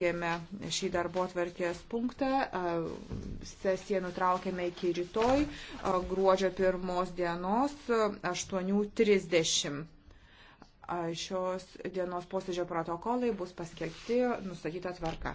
Baigėme šį darbo atvarkės punktą, sesiją nutraukėme iki rytoj, gruodžio pirmos dienos 8.30. Šios dienos posėdžio protokolai bus paskelbti nustatytą tvarką.